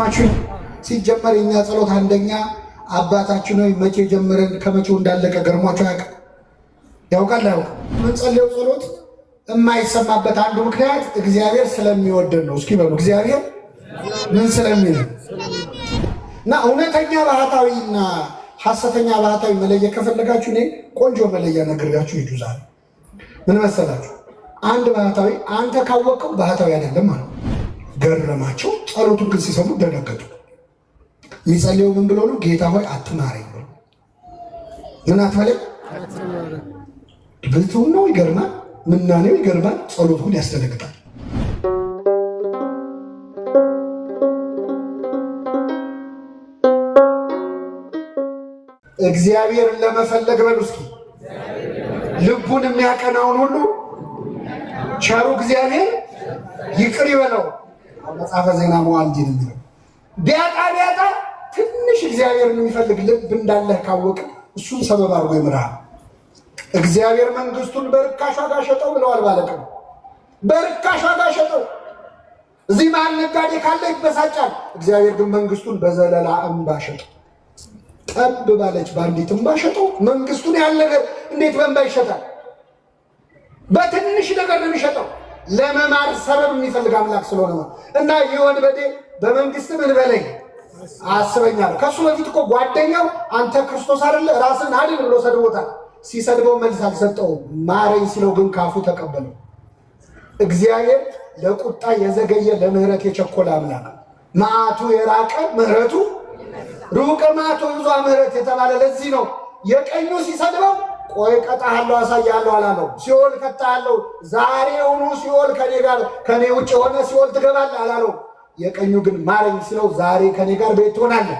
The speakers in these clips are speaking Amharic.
ሰማችሁኝ? ሲጀመር የኛ ጸሎት አንደኛ አባታችን ሆይ መቼ ጀምረን ከመቼው እንዳለቀ ገርሟቸው ያውቅ ያውቃል አያውቅም? የምንጸልየው ጸሎት የማይሰማበት አንዱ ምክንያት እግዚአብሔር ስለሚወደን ነው። እስኪ በሉ እግዚአብሔር ምን ስለሚል እና እውነተኛ ባህታዊና ሐሰተኛ ባህታዊ መለየት ከፈለጋችሁ እኔ ቆንጆ መለያ ነግሬያችሁ ይጁዛል። ምን መሰላችሁ? አንድ ባህታዊ አንተ ካወቀው ባህታዊ አይደለም ማለት ገረማቸው። ጸሎቱን ግን ሲሰሙ ደነገጡ። የሚጸልየው ምን ብሎ ነው? ጌታ ሆይ አትማረኝ ብሎ ምን አትበለ ብልቱም ነው። ይገርማል። ምናኔው ይገርማል። ጸሎቱ ግን ያስደነግጣል። እግዚአብሔር ለመፈለግ በል ውስጥ ልቡን የሚያቀናውን ሁሉ ቸሩ እግዚአብሔር ይቅር ይበለው። መጽሐፈ ዜና መዋዕል እንዲህ ነው የሚለው ቢያጣ ቢያጣ ትንሽ እግዚአብሔርን የሚፈልግ ልብ እንዳለህ ካወቅ እሱን ሰበብ አድርጎ ይምርሃል። እግዚአብሔር መንግስቱን በርካሽ ዋጋ ሸጠው ብለዋል ባለቀ በርካሽ ዋጋ ሸጠው። እዚህ መሀል ነጋዴ ካለ ይበሳጫል። እግዚአብሔር ግን መንግስቱን በዘለላ እንባ ሸጠው። ጠብ ባለች በአንዲት እንባ ሸጠው። መንግስቱን ያህል እንዴት በእንባ ይሸጣል? በትንሽ ነገር ነው የሚሸጠው። ለመማር ሰበብ የሚፈልግ አምላክ ስለሆነ ነው። እና ይህ ወንበዴ በመንግስት ምን በለኝ አስበኛል ከእሱ በፊት እኮ ጓደኛው አንተ ክርስቶስ አይደለ ራስን አድን ብሎ ሰድቦታል። ሲሰድበው መልስ አልሰጠውም። ማረኝ ሲለው ግን ካፉ ተቀበለው። እግዚአብሔር ለቁጣ የዘገየ ለምህረት የቸኮለ አምላክ መዓቱ የራቀ ምህረቱ ሩቅ መዓቱ ብዙ ምህረት የተባለ ለዚህ ነው የቀኙ ሲሰድበው ቆይ ቀጣሃለሁ፣ አሳያለሁ አላለው። ሲኦል ቀጣሃለሁ፣ ዛሬውኑ ሲኦል ከኔ ጋር ከኔ ውጭ የሆነ ሲኦል ትገባል አላለው። የቀኙ ግን ማረኝ ስለው ዛሬ ከኔ ጋር ቤት ትሆናለህ፣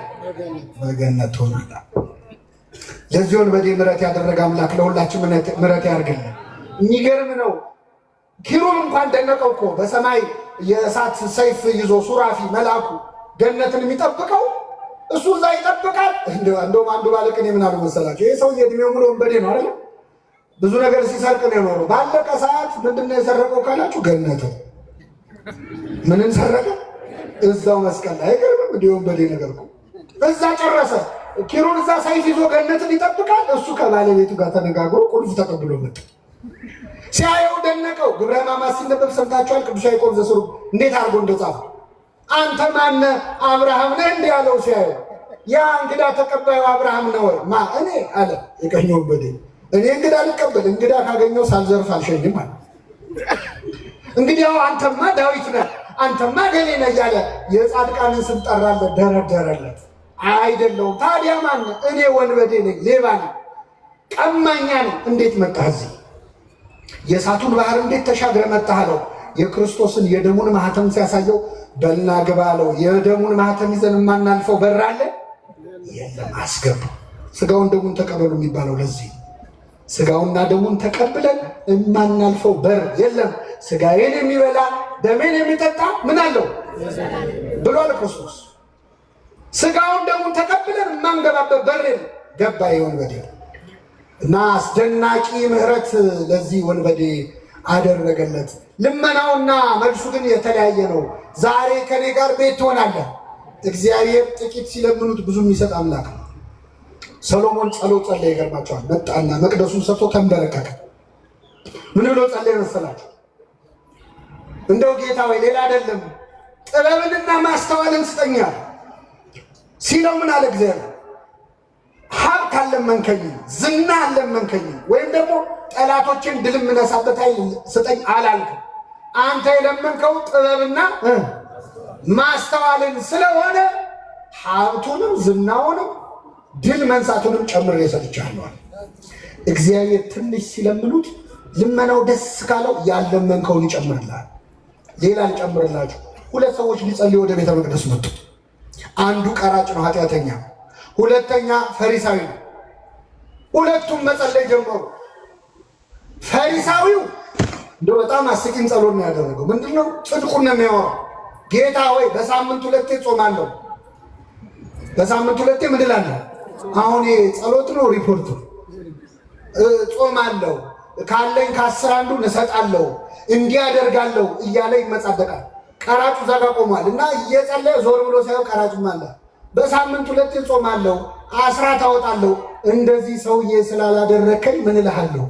በገነት ትሆናለህ። ለዚሆን በዴ ምረት ያደረገ አምላክ ለሁላችን ምረት ያድርግልን። የሚገርም ነው። ኪሩብ እንኳን ደነቀው እኮ በሰማይ የእሳት ሰይፍ ይዞ ሱራፊ መልአኩ ገነትን የሚጠብቀው እሱ እዛ ይጠብቃል። እንደውም አንዱ ባለቅ እኔ ምን አለው መሰላቸው ይህ ሰውዬ እድሜው ሙሉ ወንበዴ ነው አይደል? ብዙ ነገር ሲሰርቅ ነው የኖረው። ባለቀ ሰዓት ምንድን ነው የሰረቀው ካላችሁ ገነት ምንን ሰረቀ? እዛው መስቀል ላይ አይገርምም? እንዲህ ወንበዴ ነገር እኮ እዛ ጨረሰ። ኪሩን እዛ ሳይዝ ይዞ ገነትን ይጠብቃል። እሱ ከባለቤቱ ጋር ተነጋግሮ ቁልፍ ተቀብሎ መጣ። ሲያየው ደነቀው። ግብረ ሕማማት ሲነበብ ሰምታችኋል። ቅዱስ ያዕቆብ ዘሥሩግ እንዴት አድርጎ እንደጻፈው አንተ ማነ አብርሃም ነህ እንዲህ አለው። ሲያዩ ያ እንግዳ ተቀባዩ አብርሃም ነው ወይ ማ እኔ አለ የቀኘው ወንበዴ። እኔ እንግዳ ልቀበል እንግዳ ካገኘው ሳልዘርፍ አልሸኝም አለ። እንግዲያው አንተማ ዳዊት ነህ አንተማ ገሌ ነህ እያለ የጻድቃንን ስም ጠራለት፣ ደረደረለት። አይደለውም ታዲያ ማነ እኔ? ወንበዴ ነኝ፣ ሌባ ነኝ፣ ቀማኛ ነኝ። እንዴት መጣህ እዚህ? የእሳቱን ባህር እንዴት ተሻግረ መጣህ አለው። የክርስቶስን የደሙን ማህተም ሲያሳየው በልና ግባ የደሙን ማህተም ይዘን የማናልፈው በር አለ የለም። አስገቡ ስጋውን ደሙን ተቀበሉ የሚባለው ለዚህ ስጋውና ደሙን ተቀብለን የማናልፈው በር የለም። ስጋዬን የሚበላ ደሜን የሚጠጣ ምን አለው ብሏል ክርስቶስ። ስጋውን ደሙን ተቀብለን የማንገባበት በር የለም። ገባ ወንበዴ እና አስደናቂ ምህረት ለዚህ ወንበዴ አደረገለት። ልመናውና መልሱ ግን የተለያየ ነው። ዛሬ ከኔ ጋር ቤት ትሆናለህ። እግዚአብሔር ጥቂት ሲለምኑት ብዙ የሚሰጥ አምላክ ነው። ሰሎሞን ጸሎት ጸለየ። ይገርማቸዋል። መጣና መቅደሱን ሰጥቶ ተንበረከከ። ምን ብሎ ጸለየ መሰላቸው? እንደው ጌታ ወይ ሌላ አይደለም ጥበብንና ማስተዋልን ስጠኛል ሲለው ምን አለ እግዚአብሔር? ሀብት መንከኝ፣ ዝና መንከኝ፣ ወይም ደግሞ ጠላቶችን ድል የምነሳበት ኃይል ስጠኝ አላልክም አንተ የለመንከው ጥበብና ማስተዋልን ስለሆነ ሀብቱንም ዝናውንም ድል መንሳቱንም ጨምሬ ሰጥቻለሁ። እግዚአብሔር ትንሽ ሲለምኑት ልመናው ደስ ካለው ያለመንከውን ይጨምርላል። ሌላ ልጨምርላችሁ። ሁለት ሰዎች ሊጸልዩ ወደ ቤተ መቅደስ መጡ። አንዱ ቀራጭ ነው፣ ኃጢአተኛ፣ ሁለተኛ ፈሪሳዊ ነው። ሁለቱም መጸለይ ጀመሩ። ፈሪሳዊው እንደ በጣም አስቂኝ ጸሎት ነው ያደረገው። ምንድነው? ጽድቁን ነው የሚያወራው። ጌታ ሆይ በሳምንት ሁለቴ ጾማለሁ፣ በሳምንት ሁለቴ ምድላለሁ። አሁን ጸሎት ነው ሪፖርቱ። ጾማለሁ፣ ካለኝ ከአስር አንዱን እሰጣለሁ፣ እንዲህ አደርጋለሁ እያለ ይመጻደቃል። ቀራጩ እዛ ጋ ቆሟል እና እየጸለየ ዞር ብሎ ሳየው ቀራጩም አለ። በሳምንት ሁለቴ ጾማለሁ፣ አስራት አወጣለሁ፣ እንደዚህ ሰውዬ ስላላደረከኝ ምን እልሃለሁ?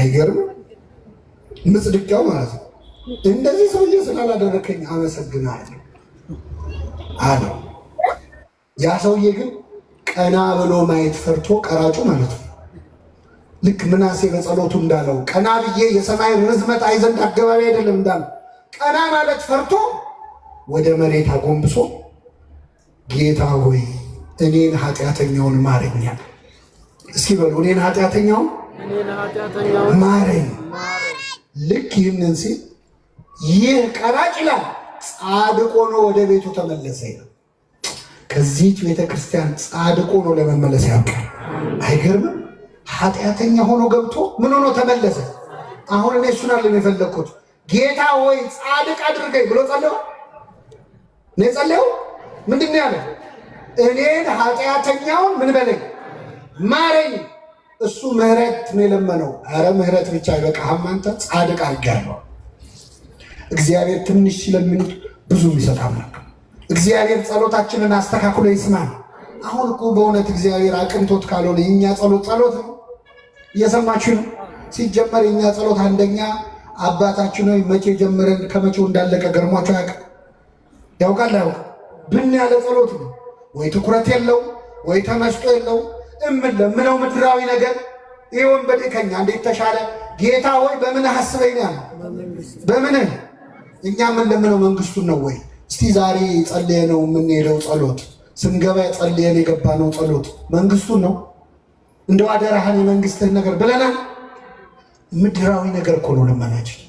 አይገርም ምጽድቂያው ማለት ነው። እንደዚህ ሰውዬ ስላላደረከኝ አመሰግናለሁ አለው። ያ ሰውዬ ግን ቀና ብሎ ማየት ፈርቶ ቀራጩ ማለት ነው። ልክ ምናሴ በጸሎቱ እንዳለው ቀና ብዬ የሰማይ ርዝመት አይዘንድ አገባቢ አይደለም እንዳለ ቀና ማለት ፈርቶ ወደ መሬት አጎንብሶ ጌታ ሆይ እኔን ኃጢአተኛውን ማረኛል። እስኪ በሉ እኔን ኃጢአተኛውን ማረኝ። ልክ ይህንን ሲል ይህ ቀራጭ ይላል ጻድቅ ሆኖ ወደ ቤቱ ተመለሰ ይላል። ከዚህች ቤተ ክርስቲያን ጻድቅ ሆኖ ለመመለስ ያውቃል። አይገርምም? ኃጢአተኛ ሆኖ ገብቶ ምን ሆኖ ተመለሰ። አሁን እኔ እሱን አለ የፈለግኩት ጌታ ወይ ጻድቅ አድርገኝ ብሎ ጸለዩ። እኔ ጸለዩ ምንድን ነው ያለ? እኔን ኃጢአተኛውን ምን በለኝ ማረኝ እሱ ምህረት ነው የለመነው። አረ ምህረት ብቻ አይበቃህም አንተ ጻድቅ አድርጌሃለሁ። እግዚአብሔር ትንሽ ሲለምኑት ብዙ ይሰጣል። እግዚአብሔር ጸሎታችንን አስተካክሎ ይስማል። አሁን እኮ በእውነት እግዚአብሔር አቅንቶት ካልሆነ የእኛ ጸሎት ጸሎት ነው። እየሰማችሁ ነው። ሲጀመር የእኛ ጸሎት አንደኛ አባታችን ሆይ መቼ ጀምረን ከመቼው እንዳለቀ ገርሟቸው ያውቅ ያውቃል። ያውቅ ብን ያለ ጸሎት ነው ወይ ትኩረት የለው ወይ ተመስጦ የለው እምን ምድራዊ ነገር ይህ ወንበዴ ከኛ እንዴት ተሻለ? ጌታ ሆይ በምን አስበኝ ነው በምንህ እኛ ምን ለምነው መንግስቱን ነው ወይ? እስቲ ዛሬ ጸልየ ነው የምንሄደው ጸሎት ስንገባ ጸልየን የገባ ነው ጸሎት መንግስቱን ነው እንደው አደራህን የመንግስትህን ነገር ብለናል። ምድራዊ ነገር እኮ ነው ልመናችን።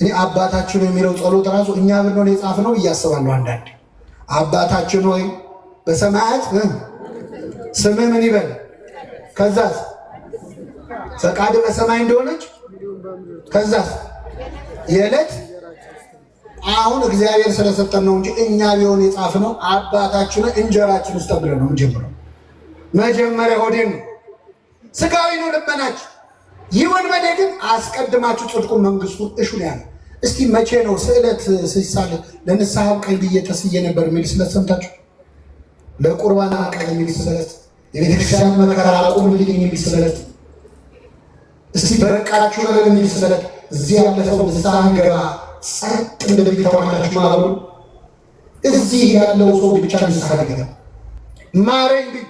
እኔ አባታችን የሚለው ጸሎት ራሱ እኛ ብንሆን የጻፍ ነው እያስባለሁ አንዳንዴ አባታችን ሆይ በሰማያት ስምህ ምን ይበል? ከዛስ ፈቃድ በሰማይ እንደሆነች ከዛስ የዕለት አሁን እግዚአብሔር ስለሰጠን ነው እንጂ እኛ ቢሆን የጻፍነው አባታችን እንጀራችን ውስጥ ብለን ነው የምንጀምረው። መጀመሪያ ሆዴን ነው፣ ስጋዊ ነው ልመናች። ይህ ወንበዴ ግን አስቀድማችሁ ጽድቁ መንግስቱ እሹ ነው ያለ። እስቲ መቼ ነው ስዕለት ሲሳል ለንስሐ ቀልብ ብዬ ተስዬ ነበር የሚል ስለት ሰምታችሁ ለቁርባን ቀኝ የሚል ስለት የቤተክርስቲያን መከራ አቁምልኝ የሚል ስለት፣ እስቲ በቃችሁ ነገር የሚል ስለት እዚህ ያለ ሰው ንስሐ ገባ ጸጥ እንደሚተዋናችሁ ማለሉ እዚህ ያለው ሰው ብቻ ንስሐ ገባ ማረኝ ብ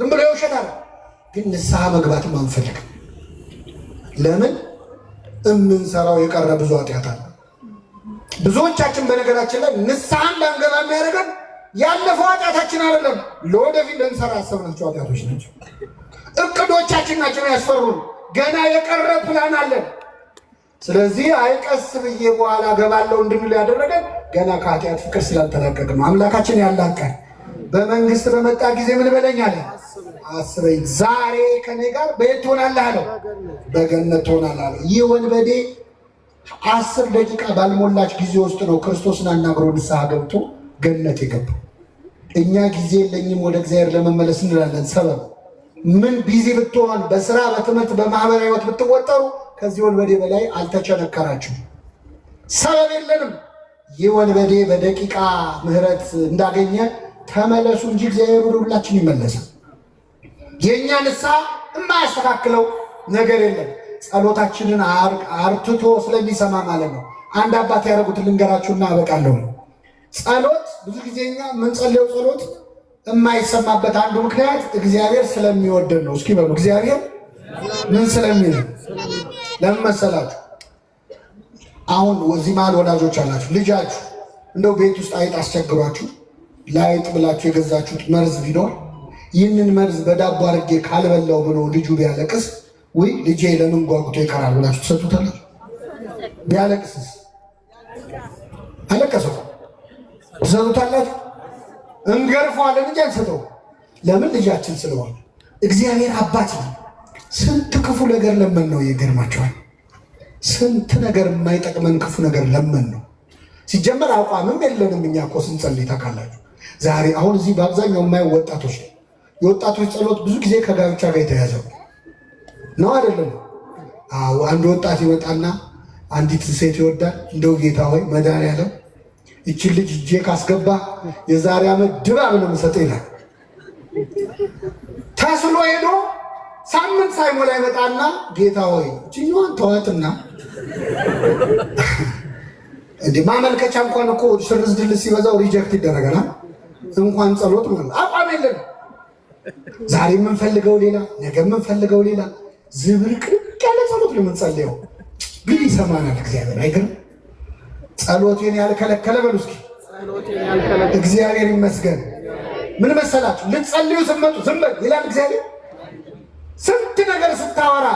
ዝም ብሎ ይውሸታል። ግን ንስሐ መግባትም አንፈልግም። ለምን እምንሰራው የቀረ ብዙ ኃጢአት አለ። ብዙዎቻችን በነገራችን ላይ ንስሐ እንዳንገባ የሚያደርገን ያለፈው ኃጢአታችን አይደለም፣ ለወደፊት ልንሰራ ያሰብናቸው ኃጢአቶች ናቸው። እቅዶቻችን ናቸው ያስፈሩን። ገና የቀረ ፕላን አለን። ስለዚህ አይቀስ ብዬ በኋላ ገባለው እንድንል ያደረገን ገና ከኃጢአት ፍቅር ስላልተላቀቅ ነው። አምላካችን ያላቀን በመንግስት በመጣ ጊዜ ምን በለኝ አስበኝ። ዛሬ ከኔ ጋር በየት ትሆናለህ አለው። በገነት ትሆናለህ አለው። ይህ ወንበዴ አስር ደቂቃ ባልሞላች ጊዜ ውስጥ ነው ክርስቶስን አናግሮ ንስሐ ገብቶ ገነት የገባው። እኛ ጊዜ የለኝም ወደ እግዚአብሔር ለመመለስ እንላለን። ሰበብ ምን ቢዚ ብትሆን በስራ በትምህርት በማህበራዊ ህይወት ብትወጠሩ ከዚህ ወንበዴ በላይ አልተቸነከራችሁ። ሰበብ የለንም። ይህ ወንበዴ በደቂቃ ምህረት እንዳገኘ ተመለሱ እንጂ እግዚአብሔር ወደ ሁላችን ይመለሳል። የእኛ ንስሐ የማያስተካክለው ነገር የለም። ጸሎታችንን አርትቶ ስለሚሰማ ማለት ነው። አንድ አባት ያደረጉትን ልንገራችሁና አበቃለሁ። ጸሎት ብዙ ጊዜኛ የምንጸልየው ጸሎት የማይሰማበት አንዱ ምክንያት እግዚአብሔር ስለሚወደን ነው። እስኪ በሉ እግዚአብሔር ምን ስለሚል ለምን መሰላችሁ? አሁን እዚህ መሀል ወላጆች አላችሁ፣ ልጃችሁ እንደው ቤት ውስጥ አይጥ አስቸግሯችሁ ለአይጥ ብላችሁ የገዛችሁት መርዝ ቢኖር ይህንን መርዝ በዳቦ አድርጌ ካልበላው ብሎ ልጁ ቢያለቅስ ወይ ልጄ ለምን ጓጉቶ ይቀራል ብላችሁ ትሰጡታላችሁ? ቢያለቅስስ አለቀሰው ትሰጡታላችሁ? እንገርፈዋለን እንጂ አንሰጠው። ለምን? ልጃችን ስለሆነ። እግዚአብሔር አባት ነው። ስንት ክፉ ነገር ለመን ነው ይገርማቸዋል። ስንት ነገር የማይጠቅመን ክፉ ነገር ለመን ነው። ሲጀመር አቋምም የለንም እኛ እኮ ስንጸልይ ታውቃላችሁ። ዛሬ አሁን እዚህ በአብዛኛው የማየው ወጣቶች ነው። የወጣቶች ጸሎት ብዙ ጊዜ ከጋብቻ ጋር የተያዘ ነው አይደለም? አንድ ወጣት ይመጣና አንዲት ሴት ይወዳል። እንደው ጌታ ሆይ መድኃኒዓለም ይችን ልጅ እጄ ካስገባ የዛሬ ዓመት ድባብ ነው የምሰጠው ይላል። ተስሎ ሄዶ ሳምንት ሳይሞላ ይመጣና ጌታ ሆይ እችኛዋን ተዋትና እንደ ማመልከቻ እንኳን እኮ ስርዝ ድልስ ሲበዛው ሪጀክት ይደረገና እንኳን ጸሎት ማለት አቋም የለን። ዛሬ የምንፈልገው ሌላ፣ ነገ የምንፈልገው ሌላ። ዝብርቅርቅ ያለ ጸሎት ነው የምንጸልየው፣ ግን ይሰማናል እግዚአብሔር አይገርም። ጸሎቴን ያልከለከለ በሉ እስኪ እግዚአብሔር ይመስገን። ምን መሰላችሁ? ልትጸልዩ ስትመጡ ዝም በል ይላል እግዚአብሔር። ስንት ነገር ስታወራ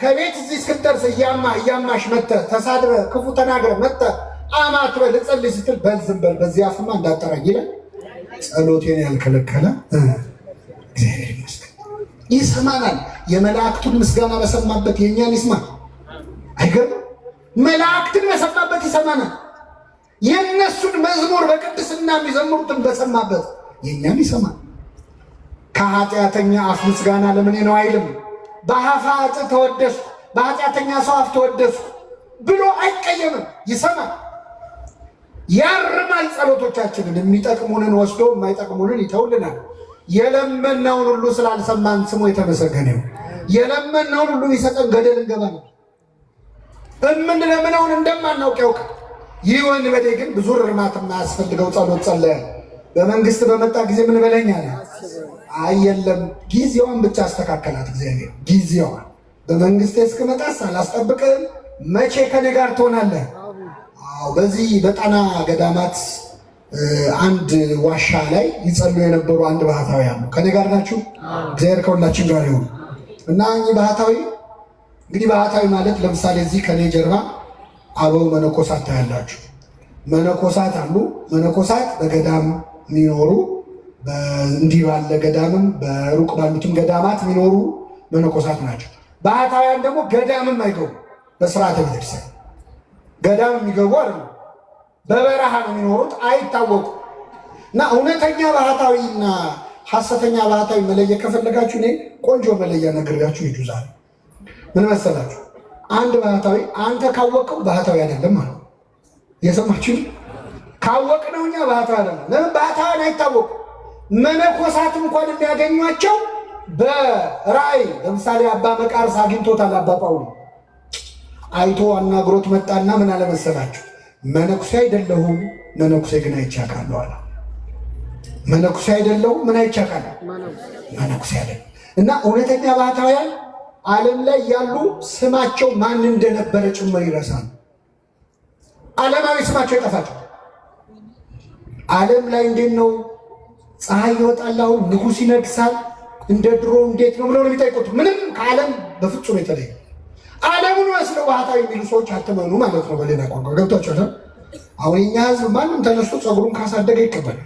ከቤት እዚህ እስክንደርስ እያማ እያማሽ መጥተህ ተሳድረ ክፉ ተናግረ መጥተህ አማትበ ልጸልይ ስትል በል ዝም በል በዚህ አፍማ እንዳጠራኝ ይላል። ጸሎቴን ያልከለከለ እግዚአብሔር ይመስገን። ይሰማናል። የመላእክቱን ምስጋና በሰማበት የእኛን ይስማ። አይገርም? መላእክትን በሰማበት ይሰማናል። የእነሱን መዝሙር በቅድስና የሚዘምሩትን በሰማበት የእኛም ይሰማል። ከኃጢአተኛ አፍ ምስጋና ለምኔ ነው አይልም። በሀፋጥ ተወደሱ በኃጢአተኛ ሰው አፍ ተወደሱ ብሎ አይቀየምም። ይሰማል፣ ያርማል። ጸሎቶቻችንን የሚጠቅሙንን ወስዶ የማይጠቅሙንን ይተውልናል። የለመናውን ሁሉ ስላልሰማን ስሙ የተመሰገነ ነው። የለመናውን ሁሉ ይሰጠን። ገደል እንገባለን። እምንለምነውን እንደማናውቅ ያውቃል። ይህ ወንበዴ ግን ብዙ እርማት የማያስፈልገው ጸሎት ጸለየ። በመንግስት በመጣ ጊዜ ምን በለኝ አለ። አይ የለም ጊዜዋን ብቻ አስተካከላት እግዚአብሔር። ጊዜዋን በመንግስት እስክመጣ ሳላስጠብቅም መቼ ከኔ ጋር ትሆናለህ? አዎ በዚህ በጣና ገዳማት አንድ ዋሻ ላይ ይጸሉ የነበሩ አንድ ባህታዊ አሉ። ከኔ ጋር ናችሁ? እግዚአብሔር ከሁላችን ጋር ይሁን እና እኚህ ባህታዊ እንግዲህ ባህታዊ ማለት ለምሳሌ እዚህ ከኔ ጀርባ አበው መነኮሳት ታያላችሁ። መነኮሳት አሉ። መነኮሳት በገዳም የሚኖሩ እንዲህ ባለ ገዳምም በሩቅ ባሉትም ገዳማት የሚኖሩ መነኮሳት ናቸው። ባህታውያን ደግሞ ገዳምም አይገቡ በስርዓተ ቤተክርስቲያን ገዳም የሚገቡ አለ በበረሃ ነው የሚኖሩት፣ አይታወቁ እና እውነተኛ ባህታዊና ሐሰተኛ ባህታዊ መለየ ከፈለጋችሁ እኔ ቆንጆ መለያ ነግሬያችሁ ይጁዛል። ምን መሰላችሁ? አንድ ባህታዊ አንተ ካወቅከው ባህታዊ አይደለም ማለት የሰማችሁ ካወቅ ነው። እኛ ባህታዊ አይደለም። ለምን ባህታዊ አይታወቁ። መነኮሳት እንኳን የሚያገኟቸው በራእይ ለምሳሌ አባ መቃርስ አግኝቶታል። አባ ጳውሎ አይቶ አናግሮት መጣና ምን አለመሰላችሁ መነኩሴ አይደለሁም፣ መነኩሴ ግን አይቻካለሁ አለ። መነኩሴ አይደለሁም ምን አይቻካለሁ መነኩሴ አይደለሁም እና እውነተኛ ባህታውያን ዓለም ላይ ያሉ ስማቸው ማን እንደነበረ ጭምር ይረሳል። ዓለማዊ ስማቸው ይጠፋል። ዓለም ላይ እንዴት ነው ፀሐይ ይወጣል፣ አሁን ንጉሥ ይነግሳል፣ እንደ ድሮ እንዴት ነው ብለው ነው የሚጠይቁት። ምንም ከዓለም በፍጹም የተለየ ዓለሙን መስለ ባህታዊ የሚሉ ሰዎች አትመኑ ማለት ነው። በሌላ ቋንቋ ገብቷቸው አሁን የኛ ህዝብ ማንም ተነስቶ ፀጉሩን ካሳደገ ይቀበላል።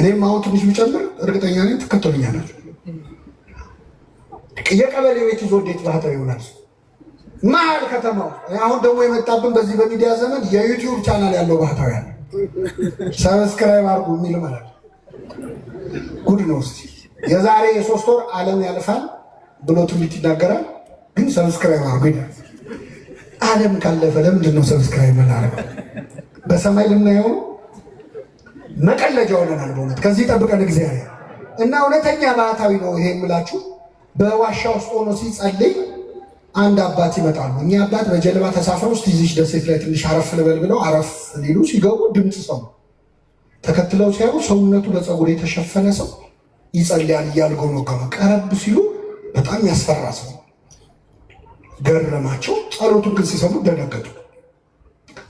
እኔም አሁን ትንሽ ቢጨምር እርግጠኛ ነኝ ትከተሉኛላችሁ። የቀበሌ ቤት ይዞ እንዴት ባህታዊ ይሆናል? መሀል ከተማው አሁን ደግሞ የመጣብን በዚህ በሚዲያ ዘመን የዩቲዩብ ቻናል ያለው ባህታዊ ያለ ሰብስክራይብ አርጉ የሚል መላል ጉድ ነው። እስኪ የዛሬ የሶስት ወር አለም ያልፋል ብሎ ትንቢት ይናገራል። ግን ሰብስክራይብ አርጉ ይላል። አለም ካለፈ ለምንድን ነው ሰብስክራይብ መላረገ? በሰማይ ልናየው መቀለጃ ሆነናል። በእውነት ከዚህ ጠብቀን እግዚአብሔር እና እውነተኛ ባህታዊ ነው ይሄ የምላችሁ በዋሻ ውስጥ ሆኖ ሲጸልይ አንድ አባት ይመጣሉ። እኚህ አባት በጀልባ ተሳፍረው ውስጥ ይዚች ደሴት ላይ ትንሽ አረፍ ልበል ብለው አረፍ ሊሉ ሲገቡ ድምፅ ሰው ተከትለው ሲያዩ ሰውነቱ በፀጉር የተሸፈነ ሰው ይጸልያል እያልጎመጎመ ቀረብ ሲሉ በጣም ያስፈራ ሰው ገረማቸው። ጸሎቱን ግን ሲሰሙ ደነገጡ።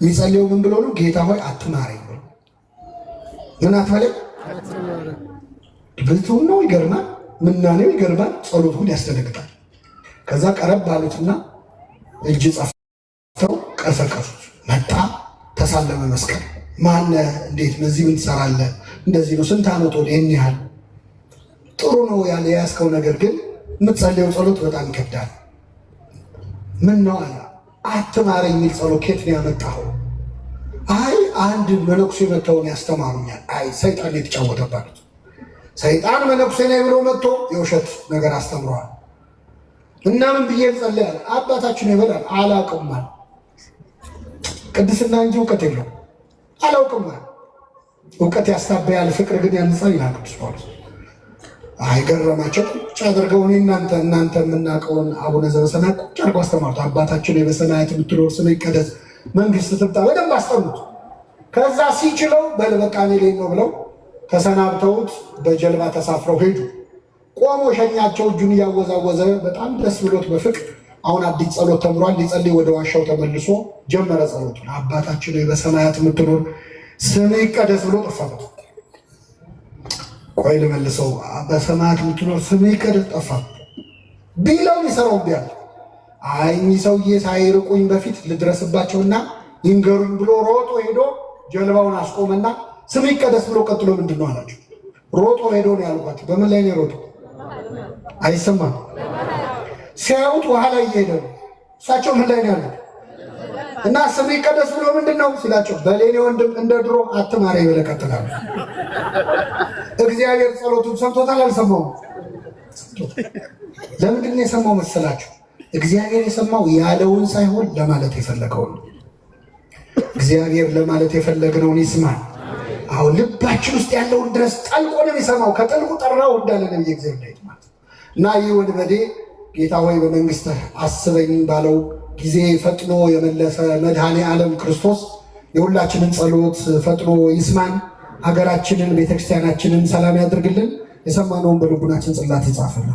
የሚጸልየው ምን ብሎ ነው? ጌታ ሆይ አትማረኝ ብሎ ምን አትበለ ብቱም ነው ይገርማል። ምናኔው ይገርማል፣ ጸሎቱን ሁሉ ያስደነግጣል። ከዛ ቀረብ ባሉትና እጅ ጸፍተው ቀሰቀሱት። መጣ ተሳለመ መስቀል ማነ እንዴት በዚህ ምን ትሰራለህ? እንደዚህ ነው ስንት ዓመት ወደ ይህን ያህል ጥሩ ነው ያለ የያዝከው ነገር ግን የምትጸልየው ጸሎት በጣም ይከብዳል። ምን ነው አለ አትማረ የሚል ጸሎት ኬት ነው ያመጣኸው? አይ አንድ መነኩሴ መተውን ያስተማሩኛል። አይ ሰይጣን የተጫወተባሉት ሰይጣን መነኩሴ ላይ ብሎ መጥቶ የውሸት ነገር አስተምረዋል። እና ምን ብዬ ጸለያል አባታችን ይበላል አላውቅማል። ቅድስና እንጂ እውቀት የለው አላውቅማል። እውቀት ያስታበያል፣ ፍቅር ግን ያንጻል ይላል ቅዱስ ጳውሎስ። አይገረማቸው ቁጭ አድርገው እኔ እናንተ እናንተ የምናውቀውን አቡነ ዘበሰማያት ቁጭ አድርገው አስተማሩት። አባታችን በሰማያት የምትኖር ስምህ ይቀደስ፣ መንግሥትህ ትምጣ። በደንብ አስጠኑት። ከዛ ሲችለው በል በቃ እኔ ላይ ብለው ተሰናብተውት በጀልባ ተሳፍረው ሄዱ። ቆሞ ሸኛቸው፣ እጁን እያወዛወዘ በጣም ደስ ብሎት በፍቅር አሁን አዲስ ጸሎት ተምሯል። ሊጸልይ ወደ ዋሻው ተመልሶ ጀመረ ጸሎቱን። አባታችን ሆይ በሰማያት የምትኖር ስምህ ይቀደስ ብሎ ጠፋበት። ቆይ ልመልሰው። በሰማያት የምትኖር ስምህ ይቀደስ ጠፋ ቢለው ይሰራው ቢያል አይ እኚህ ሰውዬ ሳይርቁኝ በፊት ልድረስባቸውና ይንገሩኝ ብሎ ሮጦ ሄዶ ጀልባውን አስቆመና ስም ይቀደስ ብሎ ቀጥሎ ምንድን ነው አላቸው? ሮጦ ሄዶ ነው ያልኳቸው። በምን ላይ ነው ሮጦ? አይሰማም። ሲያዩት ውሃ ላይ እየሄደ ነው። እሳቸው ምን ላይ ነው ያሉት? እና ስም ይቀደስ ብሎ ምንድን ነው ሲላቸው፣ በሌኔ ወንድም እንደ ድሮ አትማረ ይበለ ቀጥላሉ። እግዚአብሔር ጸሎቱን ሰምቶታል። አልሰማውም። ለምንድን ነው የሰማው መሰላችሁ? እግዚአብሔር የሰማው ያለውን ሳይሆን ለማለት የፈለገውን እግዚአብሔር ለማለት የፈለግነውን ይስማል። አሁን ልባችን ውስጥ ያለውን ድረስ ጠልቆ ነው የሚሰማው። ከጠልቁ ጠራው እንዳለ ነብይ እግዚአብሔር ማለት እና ይህ ወንበዴ ጌታ ሆይ በመንግስት አስበኝ ባለው ጊዜ ፈጥኖ የመለሰ መድኃኔ ዓለም ክርስቶስ የሁላችንን ጸሎት ፈጥኖ ይስማን። ሀገራችንን፣ ቤተክርስቲያናችንን ሰላም ያድርግልን። የሰማነውን በልቡናችን ጽላት ይጻፍልን።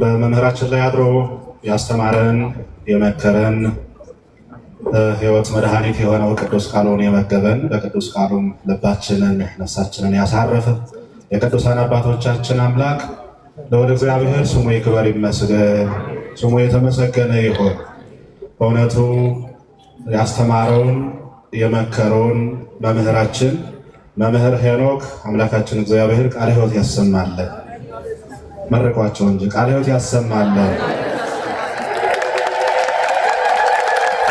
በመምህራችን ላይ አድሮ ያስተማረን የመከረን ሕይወት መድኃኒት የሆነው ቅዱስ ቃሉን የመገበን በቅዱስ ቃሉም ልባችንን ነፍሳችንን ያሳረፈ የቅዱሳን አባቶቻችን አምላክ ለወደ እግዚአብሔር ስሙ ይክበር ይመስገን። ስሙ የተመሰገነ ይሆን። በእውነቱ ያስተማረውን የመከረውን መምህራችን መምህር ሄኖክ አምላካችን እግዚአብሔር ቃለ ሕይወት ያሰማለን። መረቋቸው እንጂ ቃለ ሕይወት ያሰማል።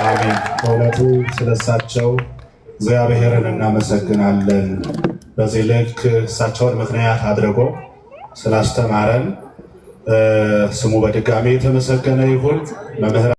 አሜን። በእውነቱ ስለሳቸው እግዚአብሔርን እናመሰግናለን። በዚህ ልክ እሳቸውን ምክንያት አድርጎ ስላስተማረን ስሙ በድጋሚ የተመሰገነ ይሁን።